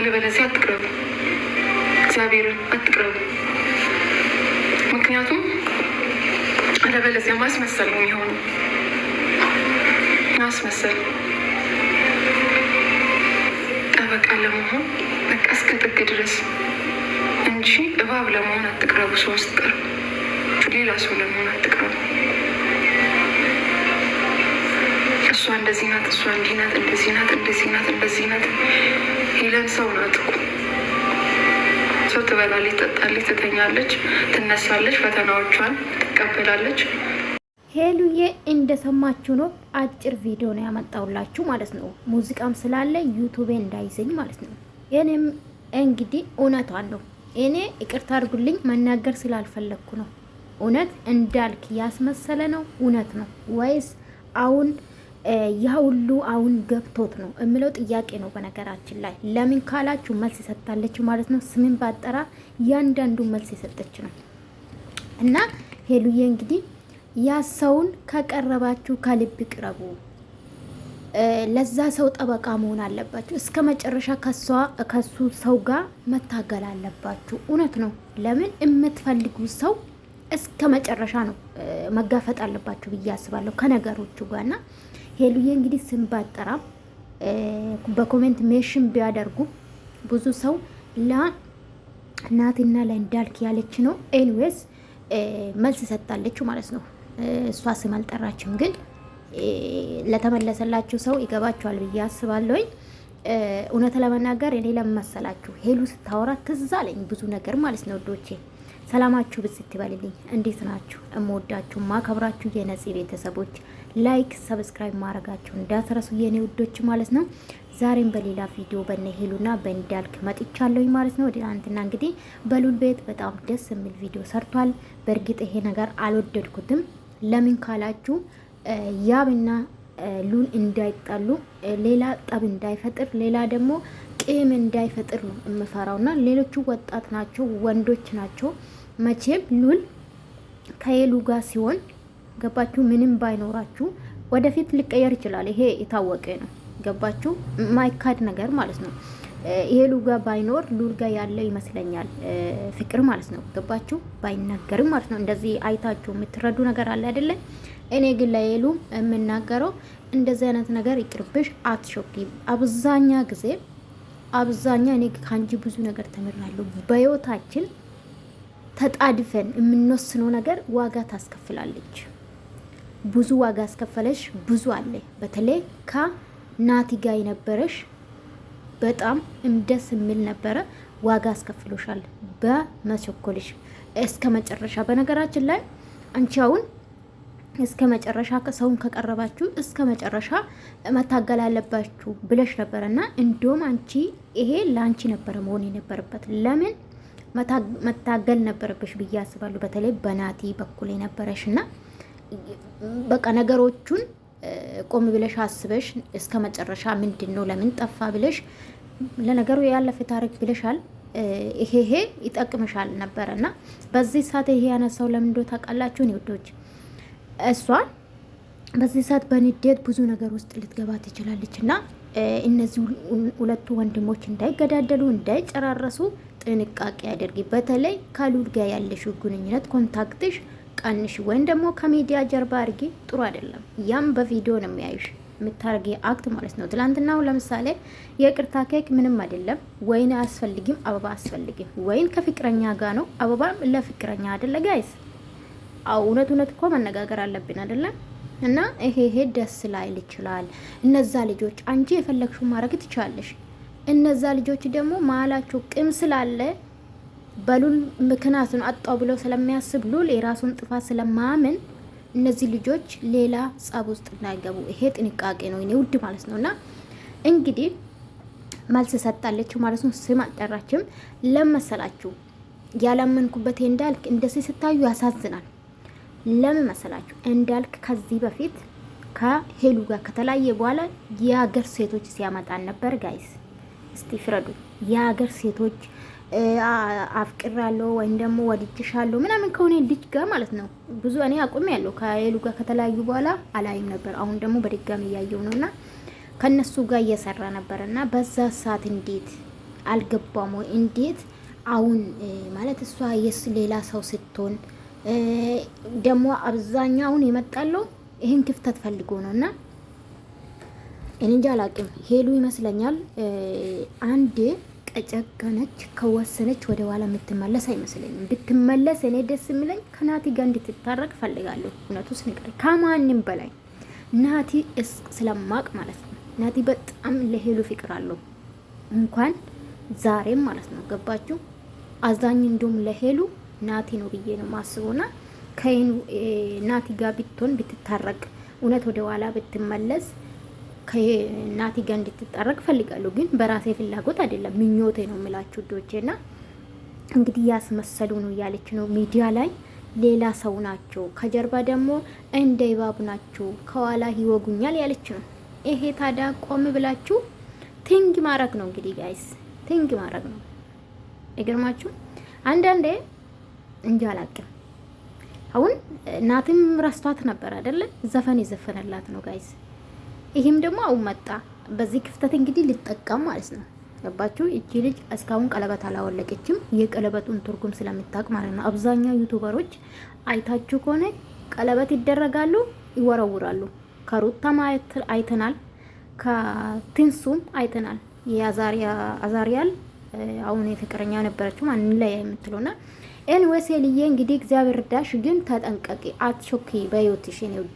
አለበለዚያ አትቅረቡ፣ እግዚአብሔርን አትቅረቡ። ምክንያቱም አለበለዚያ ማስመሰል ነው የሚሆኑ ማስመሰል ጠበቃ ለመሆን በቃ እስከ ጥግ ድረስ እንጂ እባብ ለመሆን አትቅረቡ። ሰው ስትቀርቡ ሌላ ሰው ለመሆን አትቅረቡ። እንደዚህ ናት፣ እሷ እንዲህ ናት፣ እንደዚህ ናት፣ እንደዚህ ናት፣ እንደዚህ ናት። ሄለን ሰው ናት እኮ ሰው ትበላለች፣ ትጠጣለች፣ ትተኛለች፣ ትነሳለች፣ ፈተናዎቿን ትቀበላለች። ሄሉዬ እንደሰማችሁ ነው። አጭር ቪዲዮ ነው ያመጣውላችሁ ማለት ነው። ሙዚቃም ስላለ ዩቱቤ እንዳይዘኝ ማለት ነው። እኔም እንግዲህ እውነቷ አለው። እኔ ይቅርታ አድርጉልኝ መናገር ስላልፈለግኩ ነው። እውነት እንዳልክ ያስመሰለ ነው እውነት ነው ወይስ አሁን ያ ሁሉ አሁን ገብቶት ነው የምለው ጥያቄ ነው። በነገራችን ላይ ለምን ካላችሁ መልስ ሰጥታለች ማለት ነው። ስምን ባጠራ እያንዳንዱ መልስ የሰጠች ነው እና ሄሉዬ እንግዲህ ያ ሰውን ከቀረባችሁ ከልብ ቅረቡ። ለዛ ሰው ጠበቃ መሆን አለባችሁ። እስከ መጨረሻ ከሱ ሰው ጋር መታገል አለባችሁ። እውነት ነው። ለምን የምትፈልጉ ሰው እስከ መጨረሻ ነው መጋፈጥ አለባችሁ ብዬ አስባለሁ ከነገሮቹ ጋርና ሄሉዬ እንግዲህ ስም ባጠራ በኮሜንት ሜሽን ቢያደርጉ ብዙ ሰው ለናትና ለእንዳልክ ያለች ነው። ኤንዌስ መልስ ሰጣለች ማለት ነው። እሷ ስም አልጠራችም፣ ግን ለተመለሰላችሁ ሰው ይገባችኋል ብዬ አስባለሁኝ። እውነት ለመናገር እኔ ለመሰላችሁ ሄሉ ስታወራ ትዝ አለኝ ብዙ ነገር ማለት ነው ዶቼ ሰላማችሁ ብስት ይበልልኝ። እንዴት ናችሁ? እምወዳችሁ ማከብራችሁ የነጽ ቤተሰቦች ላይክ፣ ሰብስክራይብ ማድረጋችሁ እንዳትረሱ የኔ ውዶች ማለት ነው። ዛሬም በሌላ ቪዲዮ በነ ሄሉና በእንዳልክ መጥቻለሁኝ ማለት ነው። ትናንትና እንግዲህ በሉል ቤት በጣም ደስ የሚል ቪዲዮ ሰርቷል። በእርግጥ ይሄ ነገር አልወደድኩትም። ለምን ካላችሁ ያብና ሉል እንዳይጣሉ፣ ሌላ ጠብ እንዳይፈጥር፣ ሌላ ደግሞ ቂም እንዳይፈጥር ነው የምፈራውና ሌሎቹ ወጣት ናቸው፣ ወንዶች ናቸው። መቼም ሉል ከሄሉ ጋር ሲሆን ገባችሁ፣ ምንም ባይኖራችሁ ወደፊት ሊቀየር ይችላል። ይሄ የታወቀ ነው። ገባችሁ፣ ማይካድ ነገር ማለት ነው። ሄሉ ጋር ባይኖር ሉል ጋር ያለው ይመስለኛል ፍቅር ማለት ነው። ገባችሁ፣ ባይናገርም ማለት ነው። እንደዚህ አይታችሁ የምትረዱ ነገር አለ አይደለ? እኔ ግን ለሄሉ የምናገረው እንደዚህ አይነት ነገር ይቅርብሽ፣ አትሾኪ። አብዛኛ ጊዜ አብዛኛው እኔ ከአንቺ ብዙ ነገር ተምራለሁ። በህይወታችን ተጣድፈን የምንወስነው ነገር ዋጋ ታስከፍላለች። ብዙ ዋጋ አስከፈለሽ፣ ብዙ አለ። በተለይ ከናቲ ጋ የነበረሽ በጣም እንደስ የሚል ነበረ። ዋጋ አስከፍሎሻል በመቸኮልሽ እስከ መጨረሻ። በነገራችን ላይ አንቺ አሁን እስከ መጨረሻ ሰውን ከቀረባችሁ እስከ መጨረሻ መታገል አለባችሁ ብለሽ ነበረ እና እንዲሁም አንቺ ይሄ ለአንቺ ነበረ መሆን የነበረበት ለምን መታገል ነበረብሽ ብዬ አስባለሁ። በተለይ በናቲ በኩል የነበረሽ እና በቃ ነገሮቹን ቆም ብለሽ አስበሽ እስከ መጨረሻ ምንድን ነው ለምን ጠፋ ብለሽ ለነገሩ ያለፈ ታሪክ ብለሻል። ይሄ ይሄ ይጠቅምሻል ነበረ እና በዚህ ሰዓት ይሄ ያነሳው ለምን እንደው ታውቃላችሁ ውዶች እሷ በዚህ ሰዓት በንዴት ብዙ ነገር ውስጥ ልትገባ ትችላለች እና እነዚህ ሁለቱ ወንድሞች እንዳይገዳደሉ እንዳይጨራረሱ ጥንቃቄ አድርጊ። በተለይ ከሉል ጋር ያለሽው ግንኙነት ኮንታክትሽ ቀንሽ፣ ወይም ደግሞ ከሚዲያ ጀርባ አድርጊ። ጥሩ አይደለም። ያም በቪዲዮ ነው የሚያዩሽ የምታደርጊ አክት ማለት ነው። ትላንትናው ለምሳሌ የቅርታ ኬክ ምንም አይደለም፣ ወይን አያስፈልግም፣ አበባ አያስፈልግም። ወይን ከፍቅረኛ ጋር ነው፣ አበባም ለፍቅረኛ አይደለ ጋይስ አው እውነት እውነት እኮ መነጋገር አለብን አይደለም? እና ይሄ ይሄ ደስ ላይል ይችላል። እነዛ ልጆች አንቺ የፈለግሽው ማድረግ ትችላለሽ። እነዛ ልጆች ደግሞ መሀላችሁ ቅም ስላለ በሉል ምክንያት ነው አጣው ብለው ስለሚያስብ ሉል የራሱን ጥፋት ስለማያምን እነዚህ ልጆች ሌላ ጸብ ውስጥ እንዳይገቡ ይሄ ጥንቃቄ ነው እኔ ውድ ማለት ነው። እና እንግዲህ መልስ ሰጣለች ማለት ነው። ስም አልጠራችም ለመሰላችሁ ያላመንኩበት እንዳልክ እንደዚህ ስታዩ ያሳዝናል። ለምን መሰላችሁ? እንዳልክ ከዚህ በፊት ከሄሉ ጋር ከተለያየ በኋላ የሀገር ሴቶች ሲያመጣን ነበር። ጋይስ እስቲ ፍረዱ። የሀገር ሴቶች አፍቅራለሁ ወይም ደግሞ ወድጅሻለሁ ምናምን ከሆነ ልጅ ጋር ማለት ነው። ብዙ እኔ አቁም ያለው ከሄሉ ጋር ከተለያዩ በኋላ አላይም ነበር። አሁን ደግሞ በድጋሚ እያየው ነው እና ከእነሱ ጋር እየሰራ ነበር እና በዛ ሰዓት እንዴት አልገባም ወይ? እንዴት አሁን ማለት እሷ ሌላ ሰው ስትሆን ደግሞ አብዛኛውን የመጣለው ይህን ክፍተት ፈልጎ ነው እና እኔ እንጃ ሄሉ ይመስለኛል አንዴ ቀጨገነች ከወሰነች ወደ ኋላ የምትመለስ አይመስለኝም። ብትመለስ እኔ ደስ የሚለኝ ከናቲ ጋር እንድትታረቅ ፈልጋለሁ። እውነቱ ስንቀር ከማንም በላይ ናቲ ስለማቅ ማለት ነው። ናቲ በጣም ለሄሉ ፍቅር አለው እንኳን ዛሬም ማለት ነው። ገባችሁ? አዛኝ እንዲሁም ለሄሉ ናቲ ነው ብዬ ነው ማስቡና ከይኑ ናቲ ጋር ብትሆን ብትታረቅ እውነት ወደ ኋላ ብትመለስ ከናቲ ጋር እንድትጠረቅ ፈልጋለሁ። ግን በራሴ ፍላጎት አይደለም ምኞቴ ነው የምላችሁ ና እንግዲህ ያስመሰሉ ነው እያለች ነው ሚዲያ ላይ ሌላ ሰው ናቸው፣ ከጀርባ ደግሞ እንደ ይባቡ ናቸው፣ ከኋላ ይወጉኛል ያለች ነው። ይሄ ታዲያ ቆም ብላችሁ ቲንግ ማድረግ ነው እንግዲህ ጋይስ፣ ቲንግ ማድረግ ነው። ይገርማችሁ አንዳንዴ እንጂ አላቅም። አሁን እናትም ረስቷት ነበር አይደለ? ዘፈን የዘፈነላት ነው ጋይዝ። ይህም ደግሞ አሁን መጣ። በዚህ ክፍተት እንግዲህ ሊጠቀም ማለት ነው። ገባችሁ? እቺ ልጅ እስካሁን ቀለበት አላወለቀችም። የቀለበቱን ትርጉም ስለምታውቅ ማለት ነው። አብዛኛው ዩቱበሮች አይታችሁ ከሆነ ቀለበት ይደረጋሉ፣ ይወረውራሉ። ከሩታ ማየት አይተናል፣ ከትንሱም አይተናል። የአዛሪያል አሁን የፍቅረኛ ነበረችው ማን ላይ የምትለውና ኤልወሴልዬ እንግዲህ እግዚአብሔር ዳሽ ግን ተጠንቀቂ፣ አትሾኪ በህይወትሽ ኔ